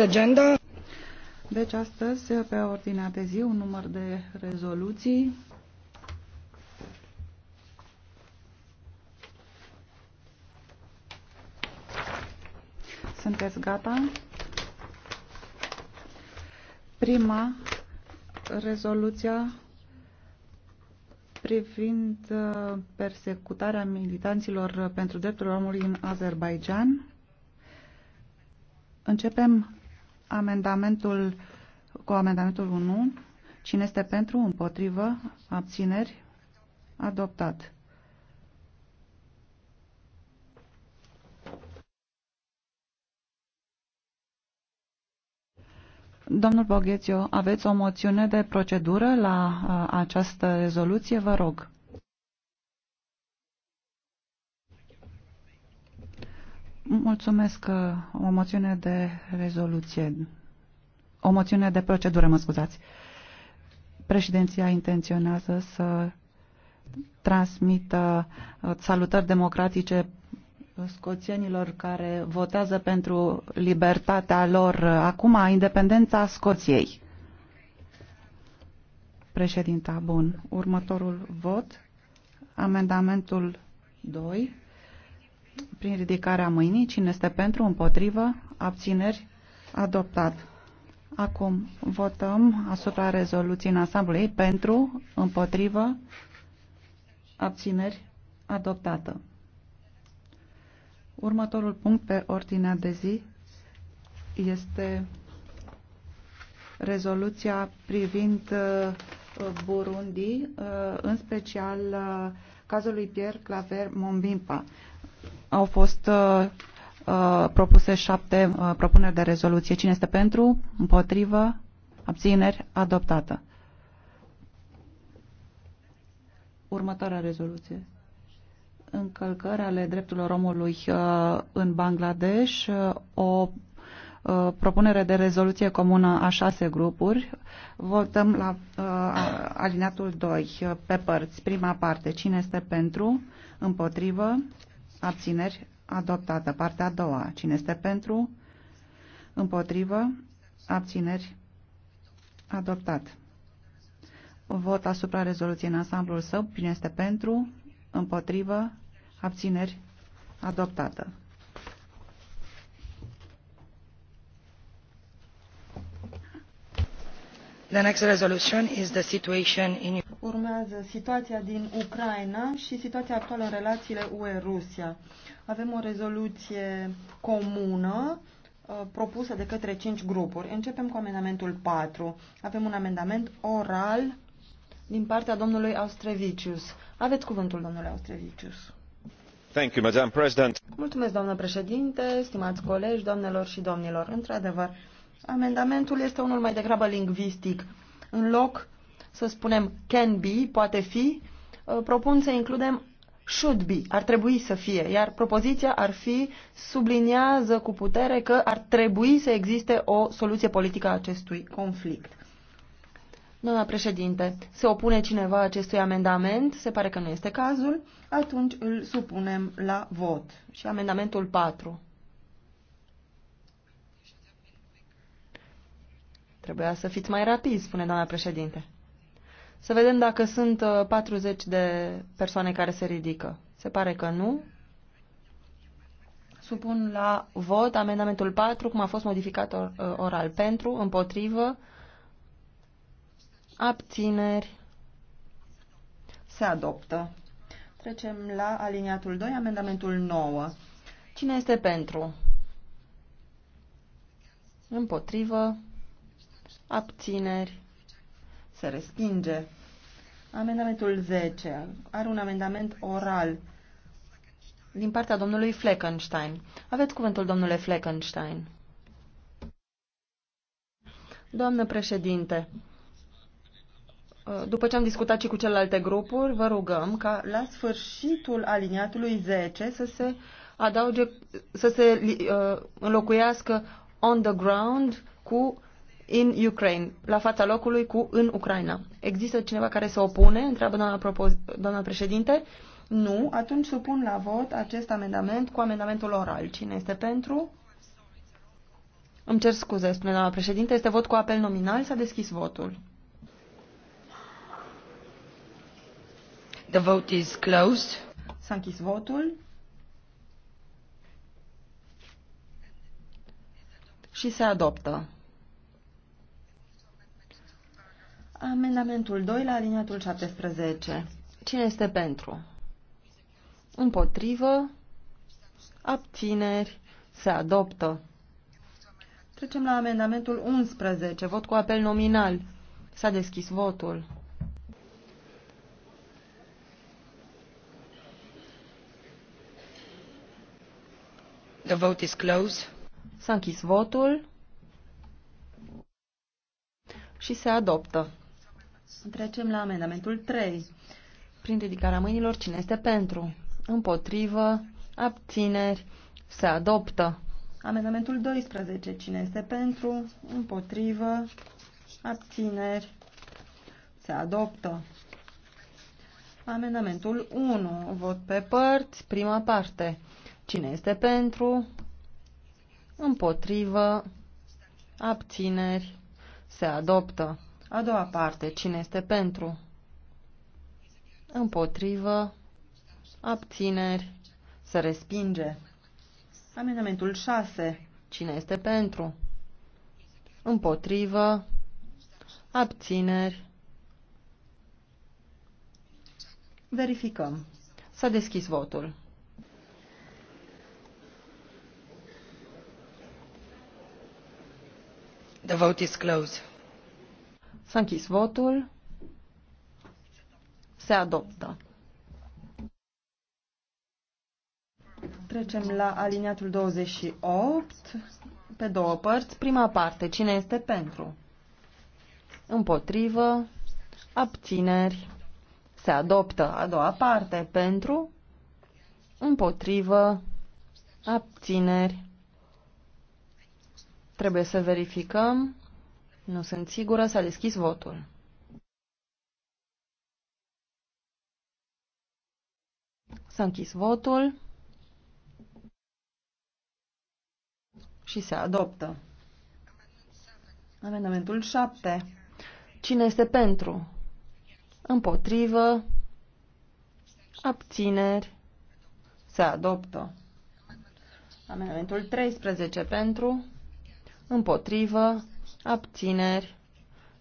agenda. Deci astăzi, pe ordinea de zi, un număr de rezoluții. Sunteți gata? Prima, rezoluția privind uh, persecutarea militanților pentru drepturile omului în Azerbaijan. Începem amendamentul cu amendamentul 1. Cine este pentru, împotrivă, abțineri, adoptat. Domnul Boghețiu, aveți o moțiune de procedură la această rezoluție? Vă rog. Mulțumesc. Uh, o moțiune de rezoluție. O moțiune de procedură, mă scuzați. Președinția intenționează să transmită uh, salutări democratice scoțienilor care votează pentru libertatea lor uh, acum, independența Scoției. Președinta, bun. Următorul vot, amendamentul 2 prin ridicarea mâinii. Cine este pentru, împotrivă, abțineri, adoptat. Acum votăm asupra rezoluției în asamblei pentru, împotrivă, abțineri, adoptată. Următorul punct pe ordinea de zi este rezoluția privind uh, Burundi, uh, în special uh, cazul lui Pierre Claver Mombimpa. Au fost uh, uh, propuse șapte uh, propuneri de rezoluție. Cine este pentru? Împotrivă? Abțineri? Adoptată. Următoarea rezoluție. Încălcări ale drepturilor omului uh, în Bangladesh. Uh, o uh, propunere de rezoluție comună a șase grupuri. Votăm la uh, alineatul 2 uh, pe părți. Prima parte. Cine este pentru? Împotrivă? abțineri, adoptată. Partea a doua, cine este pentru, împotrivă, abțineri, adoptat. Vot asupra rezoluției în ansamblul său, cine este pentru, împotrivă, abțineri, adoptată. The next resolution is the situation in urmează situația din Ucraina și situația actuală în relațiile UE-Rusia. Avem o rezoluție comună uh, propusă de către cinci grupuri. Începem cu amendamentul 4. Avem un amendament oral din partea domnului Austrevicius. Aveți cuvântul, domnule Austrevicius. Thank you, Madam President. Mulțumesc, doamnă președinte, stimați colegi, doamnelor și domnilor. Într-adevăr, amendamentul este unul mai degrabă lingvistic. În loc să spunem can be, poate fi, uh, propun să includem should be, ar trebui să fie, iar propoziția ar fi, subliniază cu putere că ar trebui să existe o soluție politică a acestui conflict. Doamna președinte, se opune cineva acestui amendament? Se pare că nu este cazul. Atunci îl supunem la vot. Și amendamentul 4. Trebuia să fiți mai rapid, spune doamna președinte. Să vedem dacă sunt 40 uh, de persoane care se ridică. Se pare că nu. Supun la vot amendamentul 4, cum a fost modificat or, uh, oral. Pentru, împotrivă, abțineri, se adoptă. Trecem la aliniatul 2, amendamentul 9. Cine este pentru? Împotrivă, abțineri, se respinge. Amendamentul 10 are un amendament oral din partea domnului Fleckenstein. Aveți cuvântul, domnule Fleckenstein. Doamnă președinte, după ce am discutat și cu celelalte grupuri, vă rugăm ca la sfârșitul aliniatului 10 să se adauge, să se uh, înlocuiască on the ground cu in Ukraine, la fața locului cu în Ucraina. Există cineva care se opune? Întreabă doamna, propoz- doamna președinte. Nu, atunci supun la vot acest amendament cu amendamentul oral. Cine este pentru? Îmi cer scuze, spune doamna președinte. Este vot cu apel nominal. S-a deschis votul. The vote is closed. S-a închis votul. Și se adoptă. Amendamentul 2 la alineatul 17. Cine este pentru? Împotrivă? Abțineri? Se adoptă. Trecem la amendamentul 11. Vot cu apel nominal. S-a deschis votul. The vote is closed. S-a închis votul și se adoptă. Trecem la amendamentul 3. Prin ridicarea mâinilor, cine este pentru? Împotrivă, abțineri, se adoptă. Amendamentul 12. Cine este pentru? Împotrivă, abțineri, se adoptă. Amendamentul 1. Vot pe părți, prima parte. Cine este pentru? Împotrivă, abțineri, se adoptă. A doua parte. Cine este pentru? Împotrivă. Abțineri. Se respinge. Amendamentul 6. Cine este pentru? Împotrivă. Abțineri. Verificăm. S-a deschis votul. The vote is closed. S-a închis votul. Se adoptă. Trecem la aliniatul 28, pe două părți. Prima parte, cine este pentru? Împotrivă, abțineri, se adoptă. A doua parte, pentru, împotrivă, abțineri. Trebuie să verificăm. Nu sunt sigură, s-a deschis votul. S-a închis votul și se adoptă. Amendamentul 7. Cine este pentru? Împotrivă. Abțineri. Se adoptă. Amendamentul 13 pentru. Împotrivă abțineri,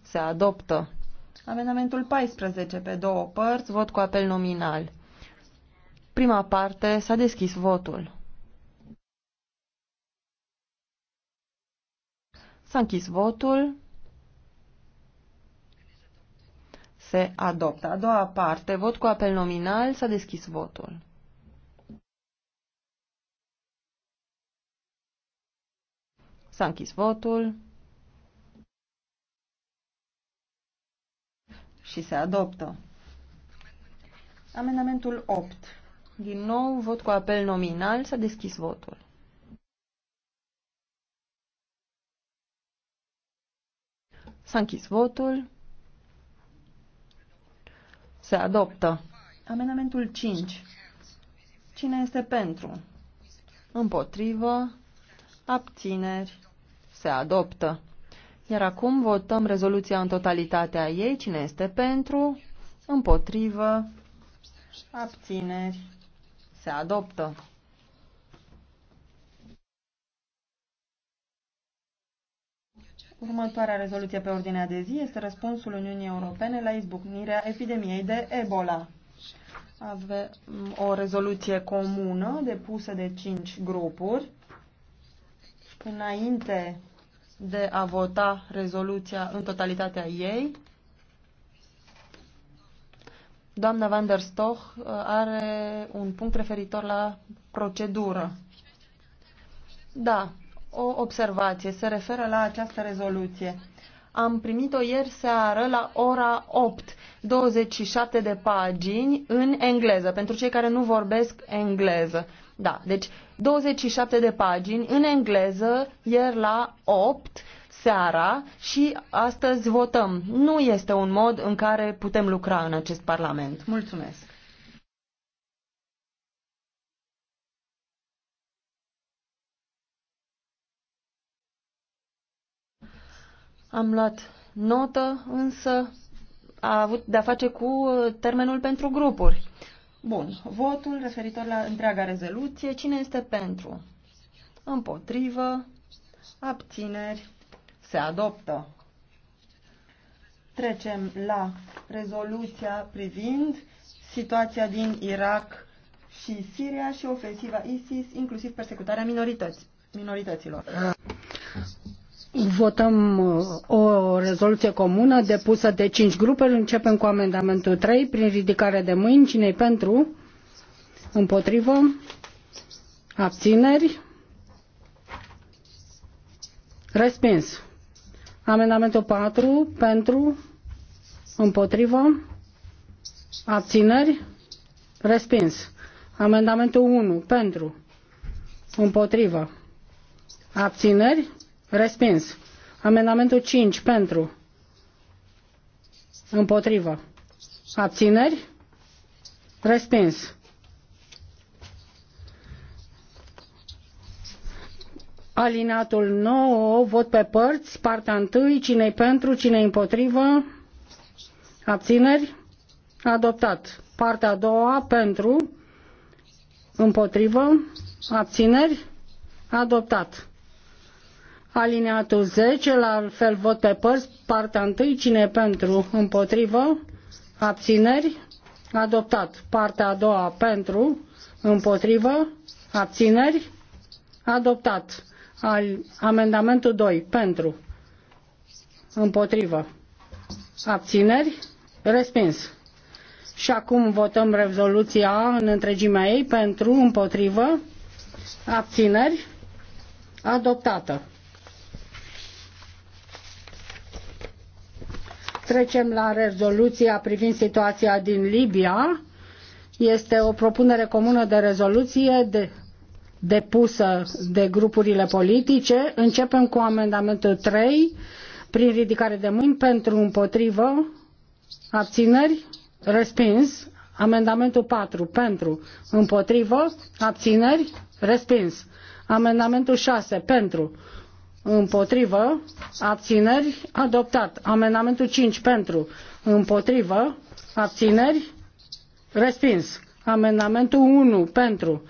se adoptă. Amendamentul 14 pe două părți, vot cu apel nominal. Prima parte, s-a deschis votul. S-a închis votul. Se adoptă. A doua parte, vot cu apel nominal, s-a deschis votul. S-a închis votul. și se adoptă. Amendamentul 8. Din nou, vot cu apel nominal. S-a deschis votul. S-a închis votul. Se adoptă. Amendamentul 5. Cine este pentru? Împotrivă. Abțineri. Se adoptă. Iar acum votăm rezoluția în totalitatea ei. Cine este pentru? Împotrivă? Abțineri? Se adoptă. Următoarea rezoluție pe ordinea de zi este răspunsul Uniunii Europene la izbucnirea epidemiei de Ebola. Avem mm, o rezoluție comună depusă de cinci grupuri. Înainte de a vota rezoluția în totalitatea ei. Doamna van der Stoch uh, are un punct referitor la procedură. Da, o observație se referă la această rezoluție. Am primit-o ieri seară la ora 8, 27 de pagini în engleză, pentru cei care nu vorbesc engleză. Da, deci 27 de pagini în engleză, ieri la 8 seara și astăzi votăm. Nu este un mod în care putem lucra în acest Parlament. Mulțumesc! Am luat notă, însă a avut de-a face cu uh, termenul pentru grupuri. Bun. Votul referitor la întreaga rezoluție. Cine este pentru? Împotrivă. Abțineri. Se adoptă. Trecem la rezoluția privind situația din Irak și Siria și ofensiva ISIS, inclusiv persecutarea minorități, minorităților. Votăm uh, o rezoluție comună depusă de cinci grupuri. Începem cu amendamentul 3 prin ridicare de mâini. Cine-i pentru? Împotrivă? Abțineri? Respins. Amendamentul 4 pentru? Împotrivă? Abțineri? Respins. Amendamentul 1 pentru? Împotrivă? Abțineri? Respins. Amendamentul 5 pentru. Împotrivă. Abțineri? Respins. Alinatul 9, vot pe părți, partea 1, cine pentru, cine împotrivă, abțineri, adoptat. Partea a doua, pentru, împotrivă, abțineri, adoptat. Aliniatul 10, la fel vot pe părți, partea 1, cine e pentru, împotrivă, abțineri, adoptat. Partea a doua pentru, împotrivă, abțineri, adoptat. Al, amendamentul 2, pentru, împotrivă, abțineri, respins. Și acum votăm rezoluția în întregimea ei pentru, împotrivă, abțineri, adoptată. Trecem la rezoluția privind situația din Libia. Este o propunere comună de rezoluție de, depusă de grupurile politice. Începem cu amendamentul 3 prin ridicare de mâini pentru împotrivă abțineri respins. Amendamentul 4 pentru împotrivă abțineri respins. Amendamentul 6 pentru împotrivă, abțineri, adoptat. Amendamentul 5 pentru, împotrivă, abțineri, respins. Amendamentul 1 pentru,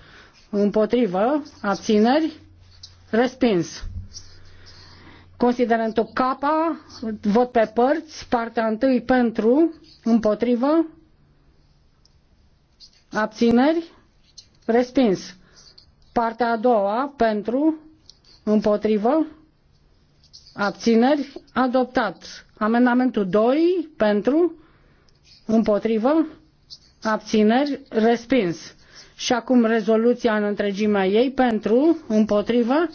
împotrivă, abțineri, respins. Considerentul capa, vot pe părți, partea întâi pentru, împotrivă, abțineri, respins. Partea a doua pentru, împotrivă, Abțineri? Adoptat. Amendamentul 2 pentru? Împotrivă? Abțineri? Respins. Și acum rezoluția în întregimea ei pentru? Împotrivă?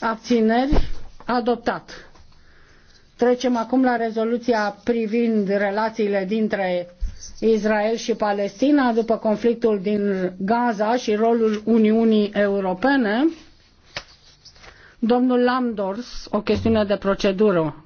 Abțineri? Adoptat. Trecem acum la rezoluția privind relațiile dintre Israel și Palestina după conflictul din Gaza și rolul Uniunii Europene. Domnul Lambdors, o chestiune de procedură.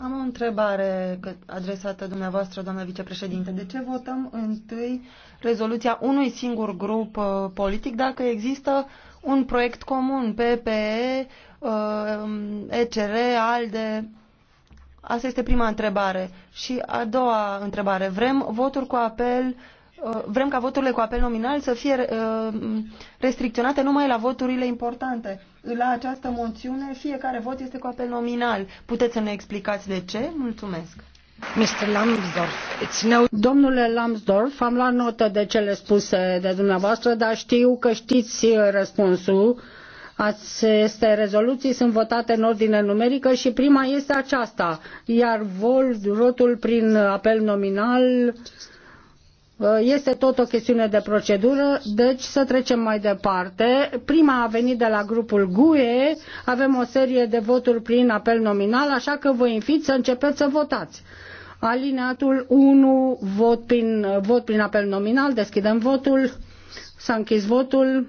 Am o întrebare adresată dumneavoastră, doamnă vicepreședinte. De ce votăm întâi rezoluția unui singur grup uh, politic dacă există un proiect comun, PPE, uh, ECR, ALDE? Asta este prima întrebare. Și a doua întrebare. Vrem voturi cu apel Uh, vrem ca voturile cu apel nominal să fie uh, restricționate numai la voturile importante. La această moțiune, fiecare vot este cu apel nominal. Puteți să ne explicați de ce? Mulțumesc. Mr. Lambsdorff, it's no... Domnule Lambsdorff, am luat notă de cele spuse de dumneavoastră, dar știu că știți uh, răspunsul. Aceste rezoluții sunt votate în ordine numerică și prima este aceasta, iar votul prin apel nominal uh, Uh, este tot o chestiune de procedură, deci să trecem mai departe. Prima a venit de la grupul GUE, avem o serie de voturi prin apel nominal, așa că vă invit să începeți să votați. Alineatul 1, vot prin, uh, vot prin apel nominal, deschidem votul, s-a închis votul.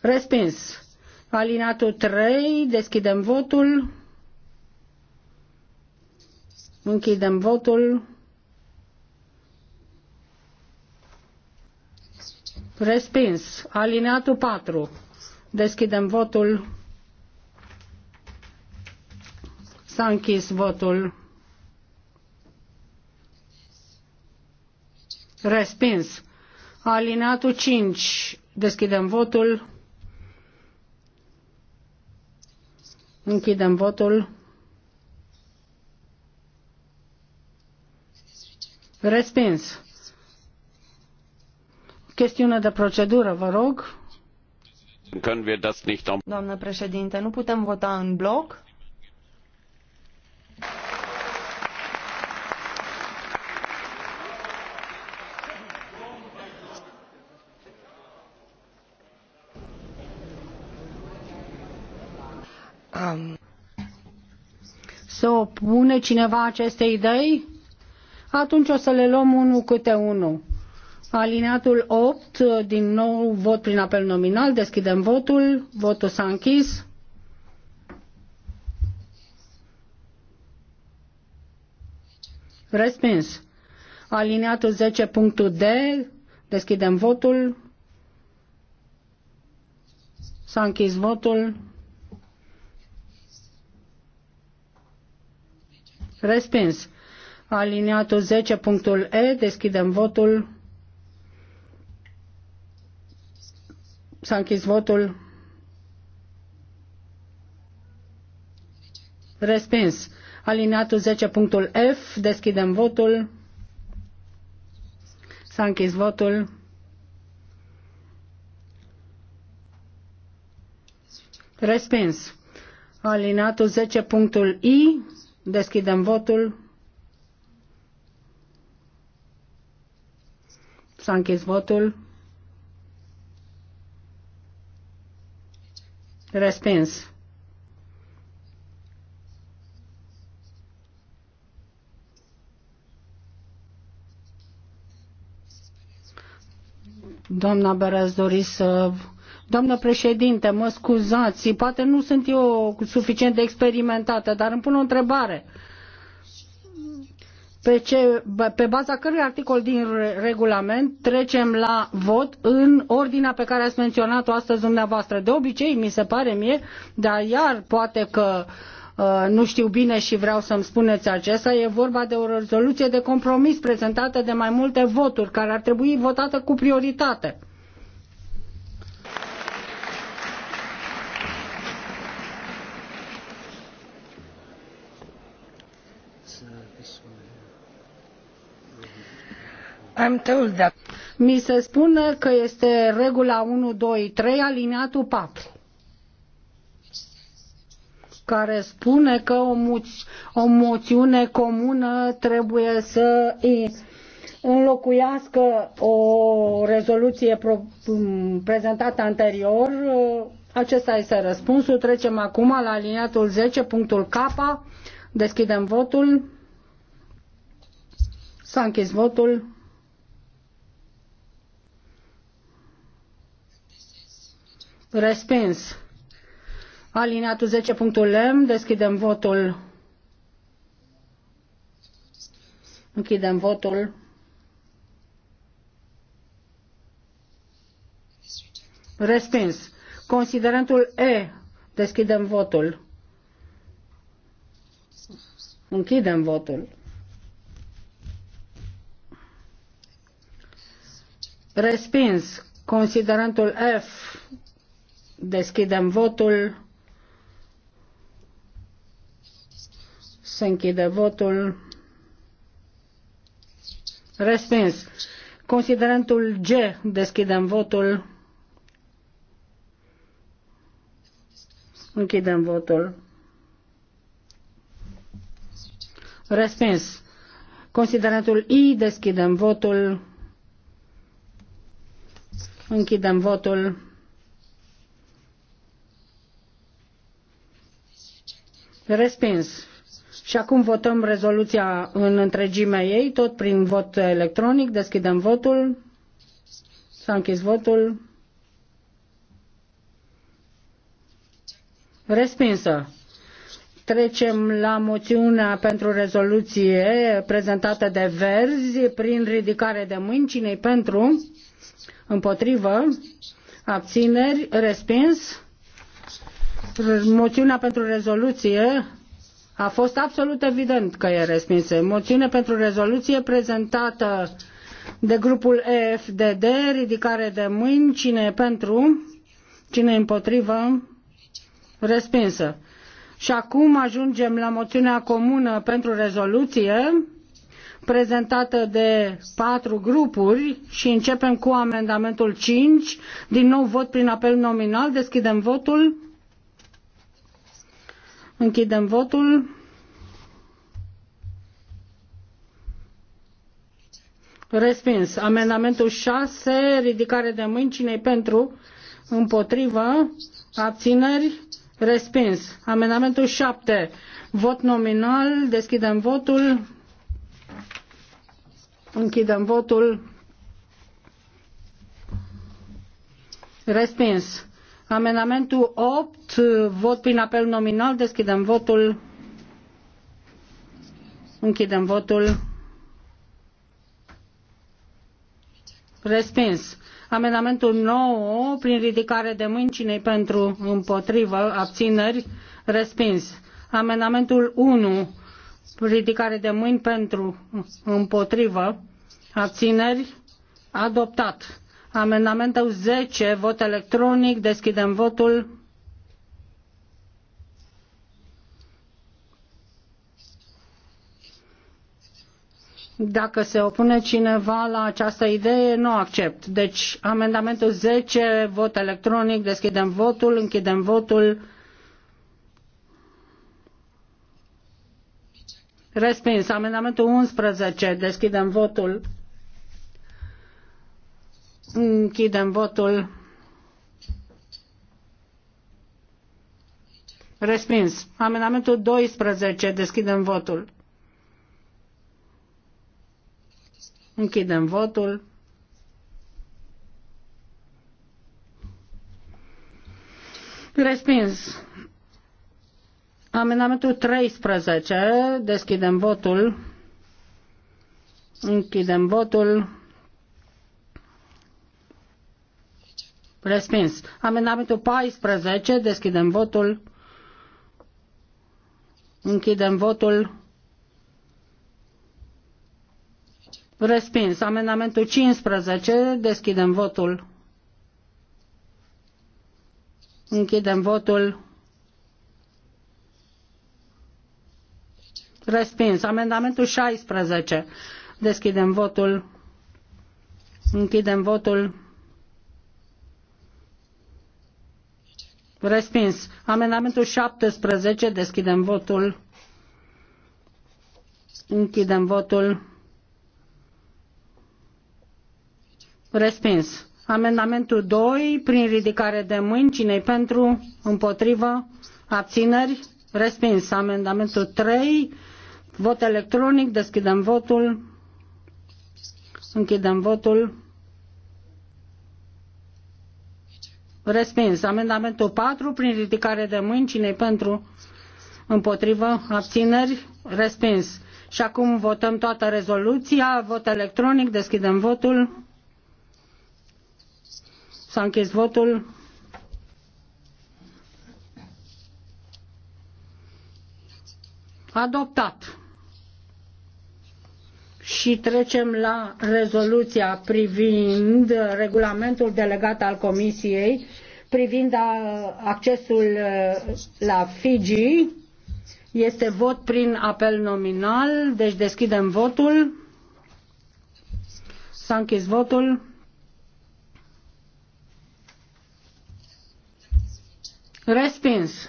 Respins. Alineatul 3, deschidem votul. Închidem votul. Respins. Alineatul 4. Deschidem votul. S-a închis votul. Respins. Alineatul 5. Deschidem votul. Închidem votul. Respins. Chestiune de procedură, vă rog. Doamnă președinte, nu putem vota în bloc? Să opune cineva aceste idei? atunci o să le luăm unul câte unul. Alineatul 8, din nou vot prin apel nominal, deschidem votul, votul s-a închis. Respins. Alineatul 10, punctul D, deschidem votul, s-a închis votul. Respins. Aliniatul 10, punctul E, deschidem votul. S-a închis votul. Respins. Alineatul 10, punctul F, deschidem votul. S-a închis votul. Respins. Alineatul 10, punctul I, deschidem votul. Să a închis votul. Respins. Doamna Berez, dori să... Doamnă președinte, mă scuzați, poate nu sunt eu suficient de experimentată, dar îmi pun o întrebare. Uh, pe, ce, pe baza cărui articol din regulament trecem la vot în ordinea pe care ați menționat-o astăzi dumneavoastră. De obicei, mi se pare mie, dar iar poate că uh, nu știu bine și vreau să-mi spuneți acesta, e vorba de o rezoluție de compromis prezentată de mai multe voturi, care ar trebui votată cu prioritate. Mi se spune că este regula 1, 2, 3, aliniatul 4 care spune că o, moți- o moțiune comună trebuie să înlocuiască o rezoluție prezentată anterior. Acesta este răspunsul. Trecem acum la aliniatul 10, punctul K Deschidem votul. S-a închis votul. Respins. Alineatul M. Deschidem votul. Închidem votul. Respins. Considerentul E. Deschidem votul. Închidem votul. Respins. Considerantul F. Deschidem votul. Se închide votul. Respins. Considerentul G. Deschidem votul. Închidem votul. Respins. Considerentul I, deschidem votul. Închidem votul. Respins. Și acum votăm rezoluția în întregimea ei, tot prin vot electronic. Deschidem votul. S-a închis votul. Respinsă. Trecem la moțiunea pentru rezoluție prezentată de Verzi prin ridicare de mâini. cine pentru? Împotrivă? Abțineri? Respins? Moțiunea pentru rezoluție a fost absolut evident că e respinsă. Moțiune pentru rezoluție prezentată de grupul EFDD, ridicare de mâini, cine e pentru, cine e împotrivă, respinsă. Și acum ajungem la moțiunea comună pentru rezoluție prezentată de patru grupuri și începem cu amendamentul 5. Din nou vot prin apel nominal. Deschidem votul. Închidem votul. Respins. Amendamentul 6, ridicare de mâini. cine pentru? Împotrivă? Abțineri? Respins. Amendamentul 7. Vot nominal. Deschidem votul. Închidem votul. Respins. Amendamentul 8. Vot prin apel nominal. Deschidem votul. Închidem votul. Respins. Amendamentul 9, prin ridicare de mâini, cine pentru, împotrivă, abțineri, respins. Amendamentul 1, ridicare de mâini pentru, împotrivă, abțineri, adoptat. Amendamentul 10, vot electronic, deschidem votul. Dacă se opune cineva la această idee, nu accept. Deci, amendamentul 10, vot electronic, deschidem votul, închidem votul. Respins. Amendamentul 11, deschidem votul. Închidem votul. Respins. Amendamentul 12, deschidem votul. Închidem votul. Respins. Amendamentul 13. Deschidem votul. Închidem votul. Respins. Amendamentul 14. Deschidem votul. Închidem votul. Respins. Amendamentul 15. Deschidem votul. Închidem votul. Respins. Amendamentul 16. Deschidem votul. Închidem votul. Respins. Amendamentul 17. Deschidem votul. Închidem votul. Respins. Amendamentul 2, prin ridicare de mâini, cine pentru, împotrivă, abțineri, respins. Amendamentul 3, vot electronic, deschidem votul, închidem votul. Respins. Amendamentul 4, prin ridicare de mâini, cine pentru, împotrivă, abțineri, respins. Și acum votăm toată rezoluția, vot electronic, deschidem votul. S-a închis votul. Adoptat. Și trecem la rezoluția privind regulamentul delegat al Comisiei privind uh, accesul uh, la Fiji. Este vot prin apel nominal, deci deschidem votul. S-a închis votul. Respins.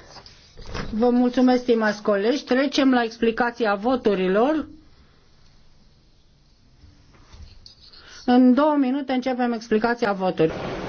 Vă mulțumesc, stimați colegi. Trecem la explicația voturilor. În două minute începem explicația voturilor.